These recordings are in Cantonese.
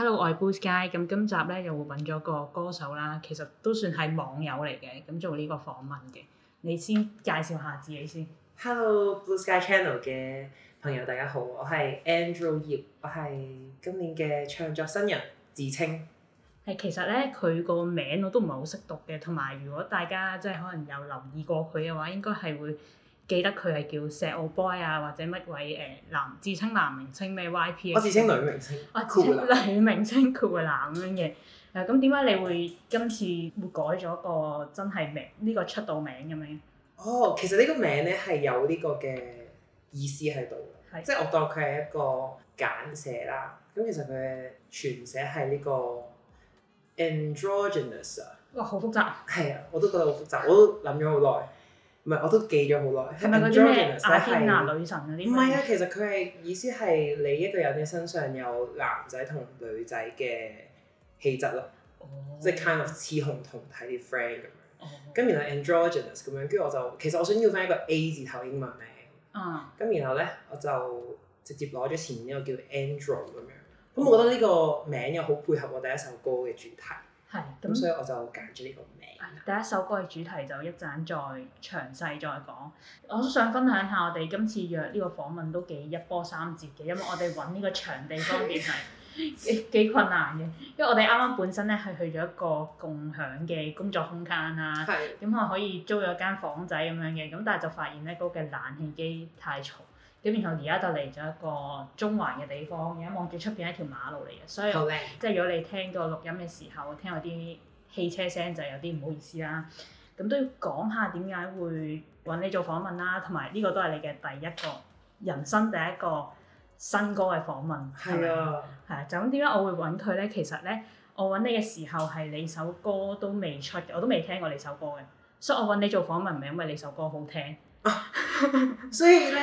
Hello，我係 Blue Sky。咁今集咧又會揾咗個歌手啦，其實都算係網友嚟嘅，咁做呢個訪問嘅。你先介紹下自己先。Hello，Blue Sky Channel 嘅朋友，大家好，我係 Andro Yip，我係今年嘅唱作新人，自稱。係其實咧，佢個名我都唔係好識讀嘅，同埋如果大家即係可能有留意過佢嘅話，應該係會。記得佢係叫石澳 boy 啊，或者乜鬼，誒男自稱男明星咩 YP 啊？我自稱女明星。我稱女明星 Cool 男咁樣嘅。誒，咁點解你會今次會改咗個真係名呢個出道名咁樣？哦，其實呢個名咧係有呢個嘅意思喺度嘅，即係我當佢係一個簡寫啦。咁其實佢嘅全寫係呢個 androgynous 啊。哇，好複雜。係啊，我都覺得好複雜，我都諗咗好耐。唔係，我都記咗好耐。係唔係嗰啲咩亞太男神嗰啲？唔係啊，其實佢係意思係你一個人嘅身上有男仔同女仔嘅氣質咯。即係、oh. kind of 雌雄同體 friend 咁樣。哦。咁然後 androgynous 咁樣，跟住我就其實我想要翻一個 A 字頭英文名。嗯。咁然後咧，我就直接攞咗前面呢個叫 Andro 咁樣。咁、oh. 我覺得呢個名又好配合我第一首歌嘅主題。係，咁所以我就揀住呢個名。第一首歌嘅主題就一陣再詳細再講。我都想分享下我哋今次約呢個訪問都幾一波三折嘅，因為我哋揾呢個場地方面係幾 幾困難嘅，因為我哋啱啱本身咧係去咗一個共享嘅工作空間啦，咁我 可以租咗間房仔咁樣嘅，咁但係就發現咧嗰個冷氣機太嘈。咁然後而家就嚟咗一個中環嘅地方，而家望住出邊係一條馬路嚟嘅，所以好吧即係如果你聽個錄音嘅時候，聽有啲汽車聲就有啲唔好意思啦。咁都要講下點解會揾你做訪問啦，同埋呢個都係你嘅第一個人生第一個新歌嘅訪問，係咪？係啊的，就咁點解我會揾佢咧？其實咧，我揾你嘅時候係你首歌都未出嘅，我都未聽過你首歌嘅，所以我揾你做訪問唔係因為你首歌好聽。啊 所以咧，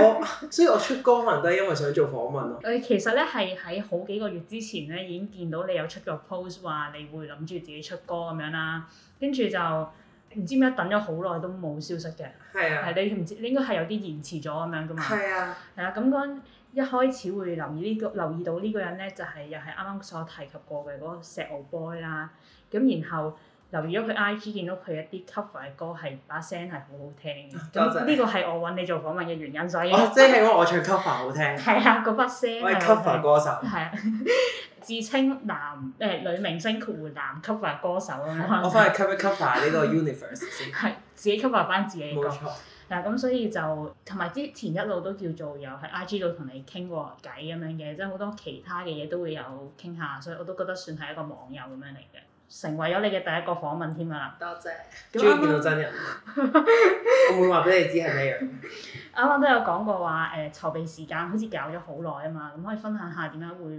我所以我出歌可能都係因為想做訪問咯。誒，其實咧係喺好幾個月之前咧，已經見到你有出咗 post 話你會諗住自己出歌咁樣啦，跟住就唔知，是、啊、知點解等咗好耐都冇消息嘅。係是啊，啊。係你唔知應該係有啲延遲咗咁樣噶嘛。係啊。係啊，咁一開始會留意呢、這個留意到呢個人咧，就係、是、又係啱啱所提及過嘅嗰、那個石澳 boy 啦。咁然後。留意咗佢 I G，見到佢一啲 cover 嘅歌係把聲係好好聽嘅。呢個係我揾你做訪問嘅原因，所以即係因為我唱 cover 好聽。係啊，嗰把聲。喂，cover 歌手。係啊， 自 稱男誒、呃、女明星同男 cover 歌手，咁我翻去 cover cover 呢個 universe 先。係 自己 cover 翻 自己冇錯。嗱咁、啊、所以就同埋之前一路都叫做有喺 I G 度同你傾過偈咁樣嘅，即係好多其他嘅嘢都會有傾下，所以我都覺得算係一個網友咁樣嚟嘅。成為咗你嘅第一個訪問添啊！多謝，終於見到真人。 我唔會話俾你知係咩樣。啱啱都有講過話誒、呃，籌備時間好似搞咗好耐啊嘛，咁可以分享下點解會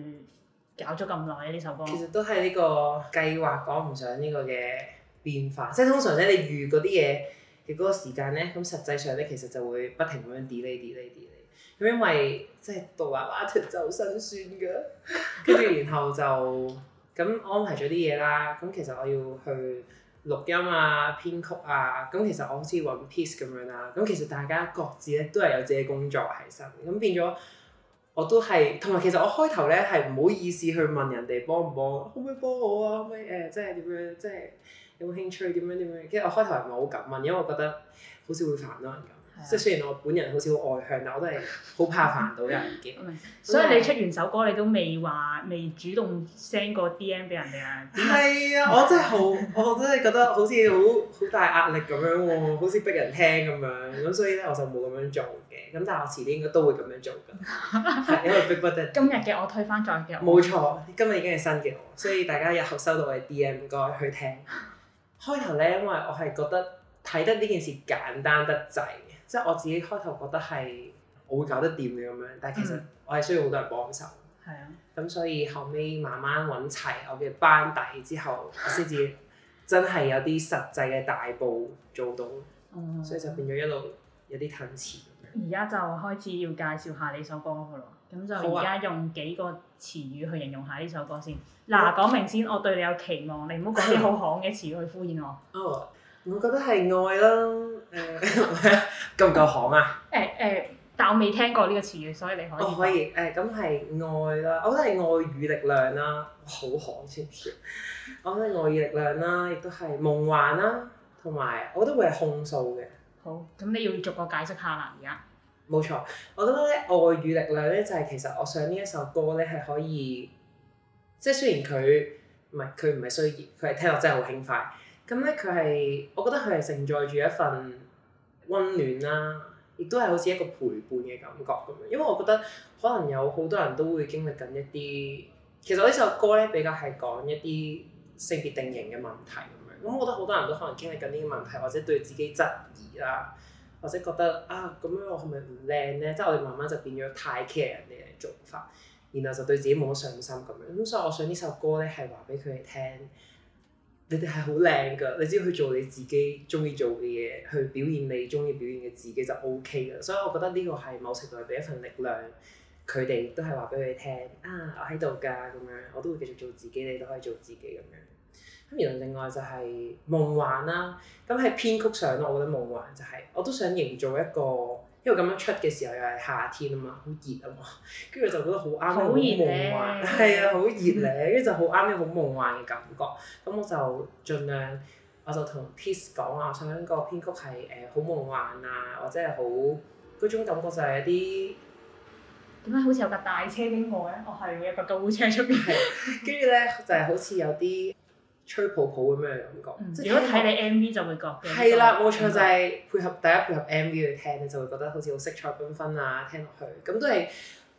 搞咗咁耐呢首歌，其實都係呢個計劃趕唔上呢個嘅變化， 即係通常咧你預嗰啲嘢嘅嗰個時間咧，咁實際上咧其實就會不停咁樣 delay delay delay，咁因為即係度媽媽脫就辛酸噶，跟 住然，然後就。 咁、嗯、安排咗啲嘢啦，咁、嗯、其實我要去錄音啊、編曲啊，咁、嗯、其實我好似搵 piece 咁樣啦，咁、嗯、其實大家各自咧都係有自己工作喺身，咁、嗯、變咗我都係，同埋其實我開頭咧係唔好意思去問人哋幫唔幫，可唔可以幫我啊？可唔可以誒即係點樣即係有冇興趣點樣點樣，其實我開頭係唔係好敢問，因為我覺得好似會煩咯。即係雖然我本人好少外向，但我都係好怕煩到人嘅。 所以你出完首歌，你都未話未主動 send 過 D M 俾人嘅。係啊 我，我真係好，我真係覺得好似好好大壓力咁樣喎、啊，好似逼人聽咁樣。咁所以咧，我就冇咁樣做嘅。咁但係我遲啲應該都會咁樣做㗎。 因為逼不得。今日嘅我推翻昨日嘅。冇錯，今日已經係新嘅我，所以大家日後收到我嘅 D M 唔該去聽。開頭咧，因為我係覺得睇得呢件事簡單得滯。即係我自己開頭覺得係我會搞得掂嘅咁樣，但係其實我係需要好多人幫手。係啊。咁所以後尾慢慢揾齊我嘅班底之後，先至真係有啲實際嘅大步做到。哦、嗯。所以就變咗一路有啲揼錢。而家就開始要介紹下呢首歌咯，咁就而家用幾個詞語去形容下呢首歌先。嗱、啊，講明先，我對你有期望，你唔好講啲好戇嘅詞語去敷衍我。哦。我覺得係愛啦，誒、呃、 夠唔夠行啊？誒誒、欸欸，但我未聽過呢個詞語，所以你可以。哦，可以，誒咁係愛啦，我覺得係愛與力量啦、啊，好行、啊，先。 我覺得愛與力量啦、啊，亦都係夢幻啦、啊，同埋我覺得會係控訴嘅。好，咁你要逐個解釋下啦，而家。冇錯，我覺得咧，愛與力量咧，就係、是、其實我想呢一首歌咧，係可以，即、就、係、是、雖然佢唔係佢唔係需要，佢係聽落真係好輕快。咁咧佢係，我覺得佢係承載住一份溫暖啦，亦都係好似一個陪伴嘅感覺咁樣。因為我覺得可能有好多人都會經歷緊一啲，其實呢首歌咧比較係講一啲性別定型嘅問題咁樣。咁、嗯、我覺得好多人都可能經歷緊呢個問題，或者對自己質疑啦，或者覺得啊咁樣我係咪唔靚咧？即係我哋慢慢就變咗太 care 人哋嘅做法，然後就對自己冇乜信心咁樣。咁、嗯、所以我想呢首歌咧係話俾佢哋聽。你哋係好靚噶，你只要去做你自己中意做嘅嘢，去表現你中意表現嘅自己就 OK 噶。所以我覺得呢個係某程度係俾一份力量，佢哋都係話俾佢聽啊，我喺度噶咁樣，我都會繼續做自己，你都可以做自己咁樣。咁然後另外就係夢幻啦，咁喺編曲上咯，我覺得夢幻就係，我都想營造一個。因為咁樣出嘅時候又係夏天啊嘛，好熱啊嘛，跟住就覺得好啱啲好夢幻，係啊，好熱咧，跟住 就好啱啲好夢幻嘅感覺。咁我就盡量我就，我就同 Pace 講話我想個編曲係誒好夢幻啊，或者係好嗰種感覺就係啲點解，好似有架大車經過嘅，我係有架救護車出街， 跟住咧就係、是、好似有啲。吹泡泡咁樣嘅感覺，嗯、即如果睇你 M V 就會覺係啦，冇錯、嗯、就係配合第一配合 M V 去聽，你就會覺得好似好色彩繽紛啊，聽落去咁都係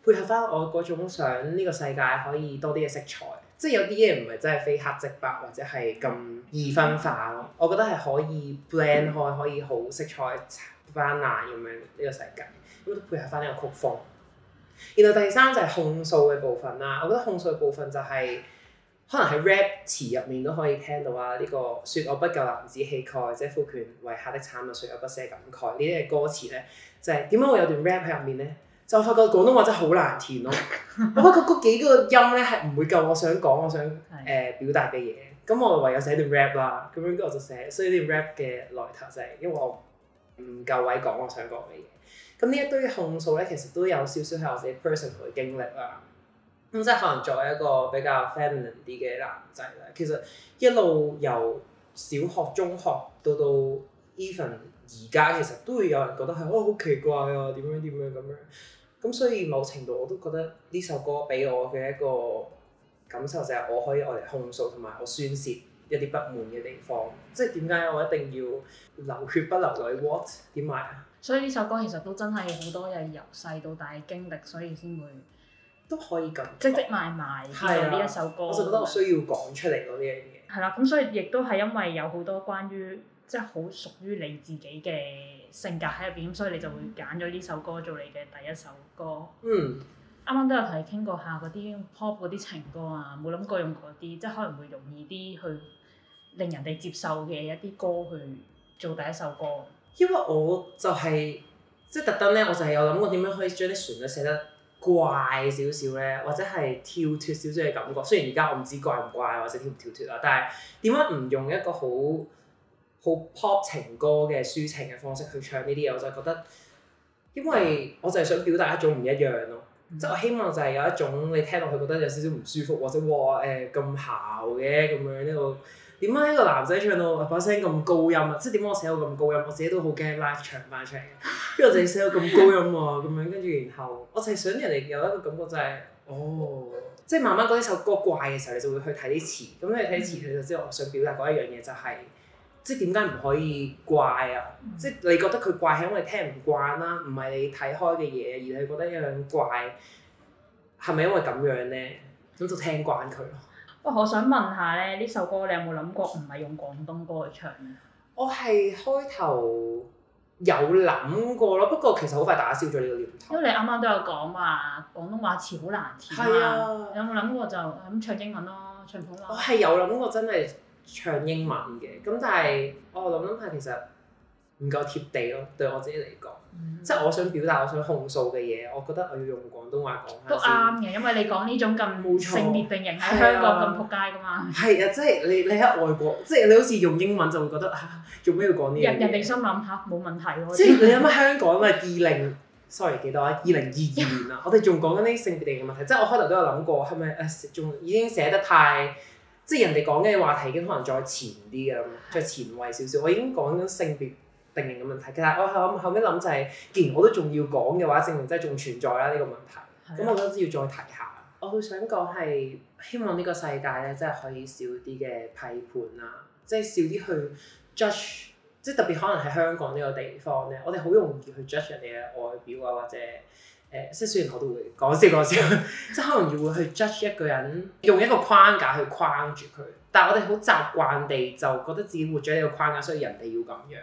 配合翻我嗰種想呢個世界可以多啲嘅色彩，即係有啲嘢唔係真係非黑即白或者係咁易分化咯。嗯、我覺得係可以 plan 開，可以好色彩翻嚟咁樣呢、呢個世界，因為都配合翻呢個曲風。然後第三就係控訴嘅部分啦，我覺得控訴嘅部分就係、是。可能喺 rap 詞入面都可以聽到啊！呢、這個說我不夠男子氣概，即係父權為下的慘物，誰有不捨感慨？呢啲嘅歌詞咧，就係點解會有段 rap 喺入面咧？就發覺廣東話真係好難填咯、哦！ 我發覺嗰幾個音咧係唔會夠我想講我想誒表達嘅嘢。咁 我唯有寫段 rap 啦、啊。咁樣跟住我就寫，所以啲 rap 嘅來頭就係因為我唔夠位講我想講嘅嘢。咁呢一堆控訴咧，其實都有少少係我自己 personal 嘅經歷啦、啊。咁、嗯、即係可能作為一個比較 feminine 啲嘅男仔啦，其實一路由小學、中學到到 even 而家，其實都會有人覺得係哦，好奇怪啊，點樣點樣咁樣。咁、嗯、所以某程度我都覺得呢首歌俾我嘅一個感受就係我可以用嚟控訴同埋我宣泄一啲不滿嘅地方，即係點解我一定要流血不流淚？what 點解啊？所以呢首歌其實都真係好多嘢由細到大嘅經歷，所以先會。都可以咁積積埋埋，做呢一首歌。的有我就覺得好需要講出嚟講呢樣嘢。係啦，咁所以亦都係因為有好多關於即係好屬於你自己嘅性格喺入邊，所以你就會揀咗呢首歌做你嘅第一首歌。嗯，啱啱都有同你傾過下嗰啲 pop 嗰啲情歌啊，冇諗過用嗰啲即係可能會容易啲去令人哋接受嘅一啲歌去做第一首歌。因為我就係即係特登咧，我就係有諗過點樣可以將啲旋律寫得，怪少少咧，或者係跳脫少少嘅感覺。雖然而家我唔知怪唔怪，或者跳唔跳脫啊，但係點解唔用一個好好 pop 情歌嘅抒情嘅方式去唱呢啲嘢？我就覺得，因為我就係想表達一種唔一樣咯。即係我希望就係有一種你聽落去覺得有少少唔舒服，或者哇誒咁姣嘅咁樣呢個。點解一個男仔唱到把聲咁高音啊？即係點解我寫到咁高音？我自己都好驚 live 唱翻出嚟，因為我就係寫到咁高音啊咁樣。跟住然後我就係想人哋有一個感覺就係、是， 哦，即係慢慢覺呢首歌怪嘅時候，你就會去睇啲詞。咁你睇啲詞、嗯、你就知道我想表達嗰一樣嘢就係、是，即係點解唔可以怪啊？即係、嗯、你覺得佢怪係因為你聽唔慣啦、啊，唔係你睇開嘅嘢，而係覺得有樣怪，係咪因為咁樣咧？咁就聽慣佢咯。哇！我想問下咧，呢首歌你有冇諗過唔係用廣東歌去唱？我係開頭有諗過咯，不過其實好快打消咗呢個念頭。因為你啱啱都有講話廣東話詞好難填啦、啊，啊、有冇諗過就咁、嗯、唱英文咯，唱普通話。我係有諗過真係唱英文嘅，咁但係我諗諗下其實唔夠貼地咯，對我自己嚟講。嗯、即係我想表達，我想控訴嘅嘢，我覺得我要用廣東話講。都啱嘅，因為你講呢種咁錯性別定型喺香港咁仆街噶嘛。係啊，即、就、係、是、你你喺外國，即、就、係、是、你好似用英文就會覺得做咩、啊、要講呢？人人哋心諗下，冇、啊、問題喎。即係是 你諗下香港啊，二零，sorry，幾多啊？二零二二年啊， 我哋仲講緊啲性別定型問題。即係我開頭都有諗過，係咪誒仲已經寫得太，即係人哋講嘅話題已經可能再前啲嘅，的再前衞少少。我已經講緊性別。定型嘅問題，其實我後諗後尾諗就係、是，既然我都仲要講嘅話，證明真係仲存在啦呢個問題，咁的我覺得要再提下。我好想講係希望呢個世界咧，真係可以少啲嘅批判啦，即、就、係、是、少啲去 judge，即係特別可能喺香港呢個地方咧，我哋好容易去 judge 人哋嘅外表啊，或者誒，即、呃、係雖然我都會講笑講笑，即係 可能要會去 judge 一個人，用一個框架去框住佢。但係我哋好習慣地就覺得自己活咗呢個框架，所以人哋要咁樣。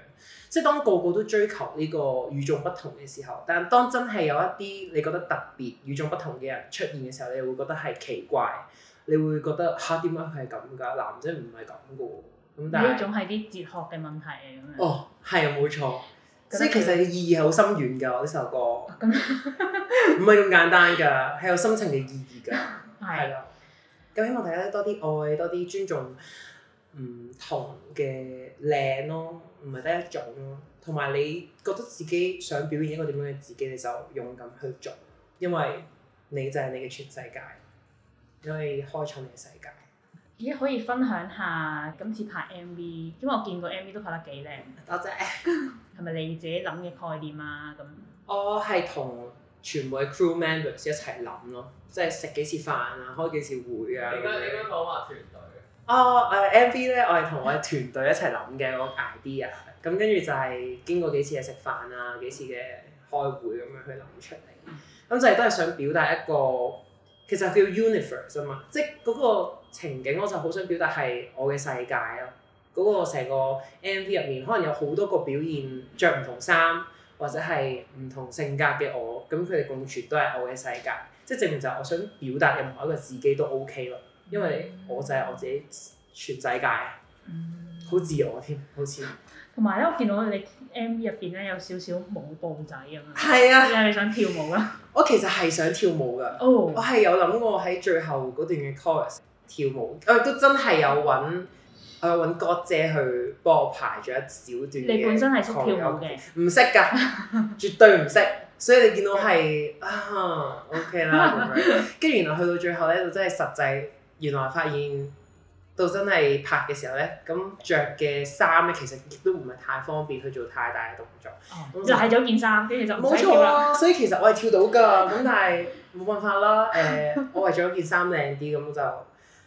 即係當個個都追求呢個與眾不同嘅時候，但係當真係有一啲你覺得特別與眾不同嘅人出現嘅時候，你會覺得係奇怪，你會覺得吓，點解佢係咁㗎？男仔唔係咁㗎喎。咁但係呢一種係啲哲學嘅問題咁樣。哦，係啊，冇錯。即係其實嘅意義係好深遠㗎。呢首歌，唔係咁簡單㗎，係有深情嘅意義㗎。係 是。咁希望大家多啲愛，多啲尊重唔同嘅靚咯，唔係得一種咯。同埋你覺得自己想表現一個點樣嘅自己，你就勇敢去做，因為你就係你嘅全世界，你可以開創你嘅世界。咦？可以分享下今次拍 MV，因為我見過 MV 都拍得幾靚。多謝。係咪你自己諗嘅概念啊？咁我係同，全部係 crew members 一齊諗咯，即係食幾次飯啊，開幾次會啊。點解你而家講話團隊啊、oh, uh,？MV 咧，我係同我嘅團隊一齊諗嘅，我、嗰個、idea。咁跟住就係經過幾次嘅食飯啊，幾次嘅開會咁樣去諗出嚟。咁就係都係想表達一個，其實叫 YOUniverse 啊嘛，即係嗰個情景，我就好想表達係我嘅世界咯。嗰、嗰個成個 MV 入面，可能有好多個表現，着唔同衫，或者係唔同性格嘅我，咁佢哋共存都係我嘅世界，即係證明就係我想表達任何一個自己都 O K 咯。因為我就係我自己全世界，嗯、好自我添，好似。同埋咧，我見到你 MV 入邊咧有少少舞步仔啊嘛。係啊，你想跳舞啊？我其實係想跳舞㗎。哦。Oh. 我係有諗過我喺最後嗰段嘅 chorus 跳舞，誒、呃、都真係有揾。去揾郭姐去幫我排咗一小段嘅，你本身係識跳舞嘅？，唔識㗎，絕對唔識，所以你見到係啊 OK 啦，咁樣跟住原來去到最後呢，就真係實際原來發現到真係拍嘅時候呢，咁着嘅衫呢，其實亦都唔係太方便去做太大嘅動作，賴咗件衫，跟住那就冇錯啊，所以其實我係跳到㗎，咁 但係冇辦法啦，誒、呃， 我為咗件衫靚啲，咁就。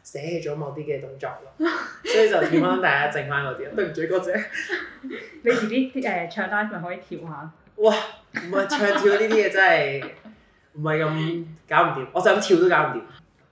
捨棄咗某啲嘅動作咯，所以就見翻大家剩翻嗰啲，對唔住哥姐，你自己啲誒唱單咪可以跳下。哇，唔係唱跳呢啲嘢真係唔係咁搞唔掂，我就咁跳都搞唔掂。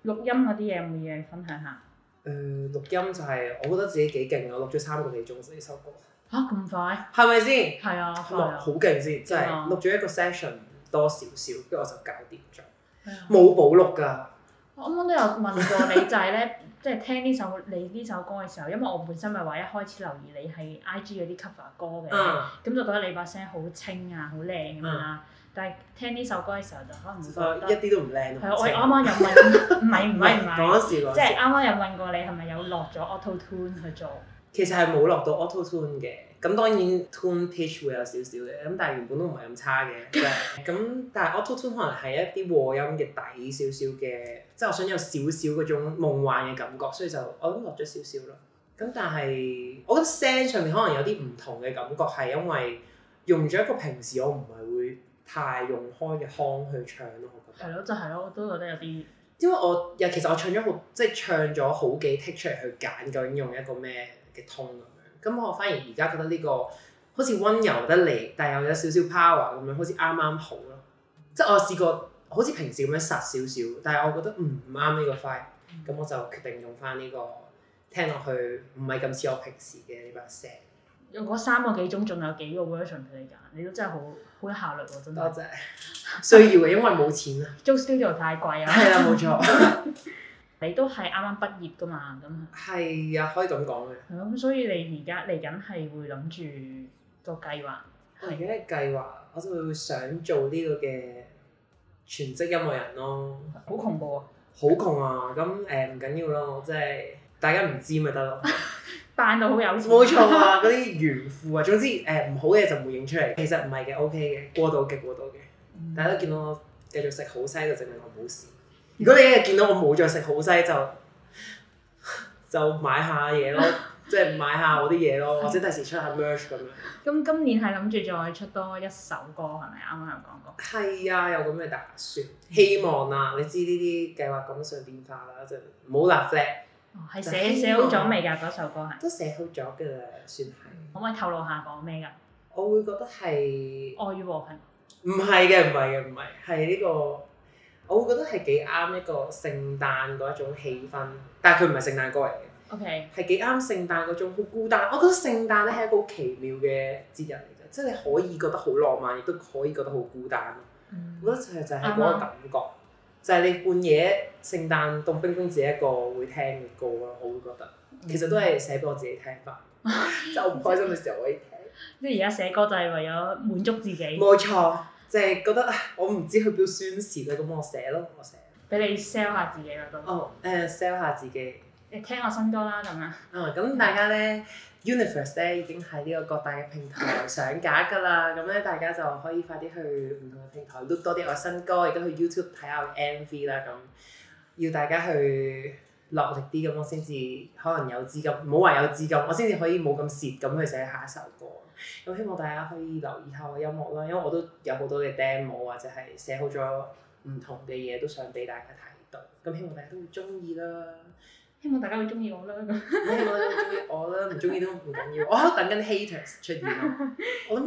錄音嗰啲嘢有冇嘢分享下？誒，錄音就係我覺得自己幾勁啊，錄咗三個幾鐘呢首歌。吓？咁快？係咪先？係啊，好勁先，真係錄咗一個 session 多少少，跟住我就搞掂咗，冇補錄㗎。我啱啱都有問過你，就係咧，即係聽呢首你呢首歌嘅時候，因為我本身咪話一開始留意你係 IG 嗰啲 cover 歌嘅，咁就覺得你把聲好清啊，好靚咁樣啦。但係聽呢首歌嘅時候，就可能覺得一啲都唔靚。係啊，我啱啱又問，唔係唔係唔係，嗰陣時來即係啱啱又問過你係咪有落咗 auto tune 去做。其實係冇落到 auto tune 嘅，咁當然 tune pitch 會有少少嘅，咁但係原本都唔係咁差嘅。咁但係 auto tune 可能係一啲和音嘅底少少嘅。即係我想有少少嗰種夢幻嘅感覺，所以就我諗落咗少少咯。咁但係我覺得聲上面可能有啲唔同嘅感覺，係因為用咗一個平時我唔係會太用開嘅腔去唱咯。係咯，就係咯，都覺得有啲。 因為我又其實我唱咗好即係唱咗好幾 take 出嚟去揀究竟用一個咩嘅 tone 咁樣。咁我反而而家覺得呢、這個好似溫柔得嚟，但係又有少少 power 咁樣，好似啱啱好咯。即係我試過。好似平時咁樣殺少少，但係我覺得唔啱呢個 fit，咁、嗯、我就決定用翻、這、呢個聽落去唔係咁似我平時嘅呢把聲，用嗰三個幾鐘，仲有幾個 version 俾你揀，你都真係好好有效率喎，真係。多謝。需要嘅，因為冇錢啊。租 studio 太貴啊。係啊， 冇錯。 你都係啱啱畢業噶嘛，咁。係啊，可以咁講嘅。係咁、嗯、所以你而家嚟緊係會諗住個計劃？我而家嘅計劃，我就會想做呢個嘅。全職音樂人咯，好恐怖啊，好、嗯、窮啊！咁誒唔緊要咯，即係大家唔知咪 得咯，扮到好有錢。冇錯啊，嗰啲炫富啊，總之誒唔、呃、好嘢就唔會影出嚟。其實唔係嘅，OK 嘅，過度嘅過度嘅。大家都見到我繼續食好西就證明我冇事。嗯、如果你一日見到我冇再食好西就就買下嘢咯。 即係買下我啲嘢咯，或者第時出下 merch 咁樣。咁今年係諗住再出多一首歌係咪？啱啱有講過。係啊，有咁嘅打算。希望啊，你知呢啲計劃經上變化啦，are, 哦、寫就冇立 flag 係寫好咗未㗎？嗰、哦、首歌係。都寫好咗嘅算係。可唔可以透露下講咩㗎？我會覺得係愛與和平。唔係嘅，唔係嘅，唔係。係呢、這個，我會覺得係幾啱一個聖誕嗰一種氣氛，但係佢唔係聖誕歌嚟嘅。O K，係幾啱聖誕嗰種好孤單。我覺得聖誕咧係一個好奇妙嘅節日嚟㗎，即係你可以覺得好浪漫，亦都可以覺得好孤單。嗯、我覺得就係就係嗰個感覺，嗯、就係你半夜聖誕凍冰，冰冰自己一個會聽嘅歌咯。我會覺得其實都係寫俾我自己聽翻，就唔、嗯、 開心嘅時候可以聽。即係而家寫歌就係為咗滿足自己。冇錯，就係、是、覺得我唔知佢表宣時佢咁，我寫咯，我寫。俾你 sell 下自己咯都。哦，誒 sell 下自己。Oh, uh, 聽我新歌啦，咁樣。嗯，咁大家咧 ，Universe 咧已經喺呢個各大嘅平台上架㗎啦。咁咧，大家就可以快啲去唔同嘅平台 look 多啲我新歌，亦都去 YouTube 睇下我嘅 MV 啦。咁要大家去落力啲咁，我先至可能有資金，唔好話有資金，我先至可以冇咁蝕咁去寫下一首歌。咁希望大家可以留意下我音樂啦，因為我都有好多嘅 demo 或者係寫好咗唔同嘅嘢，都想俾大家睇到。咁希望大家都會中意啦～希望大家會中意我啦咁、 哦。我唔會唔中意，我都唔中意都唔緊要。我喺度等緊 haters 出現咯。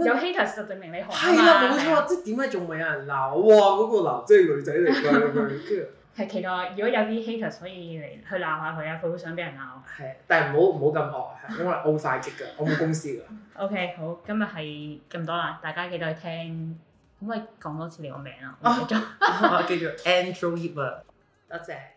有 haters 就證明你學嘛。係啦、啊，冇錯，嗎即點解仲未有人鬧？哇！嗰、那個男仔女仔嚟㗎，咁係期待，如果有啲 haters 可以嚟去鬧下佢啊，佢好想俾人鬧。係，但係唔好唔好咁惡，因為我快極㗎，我冇公司㗎。 OK，好，今日係咁多啦，大家記得去聽，可唔可以講多次你個名啊？五分鐘，我叫做 Andro Yip，多謝。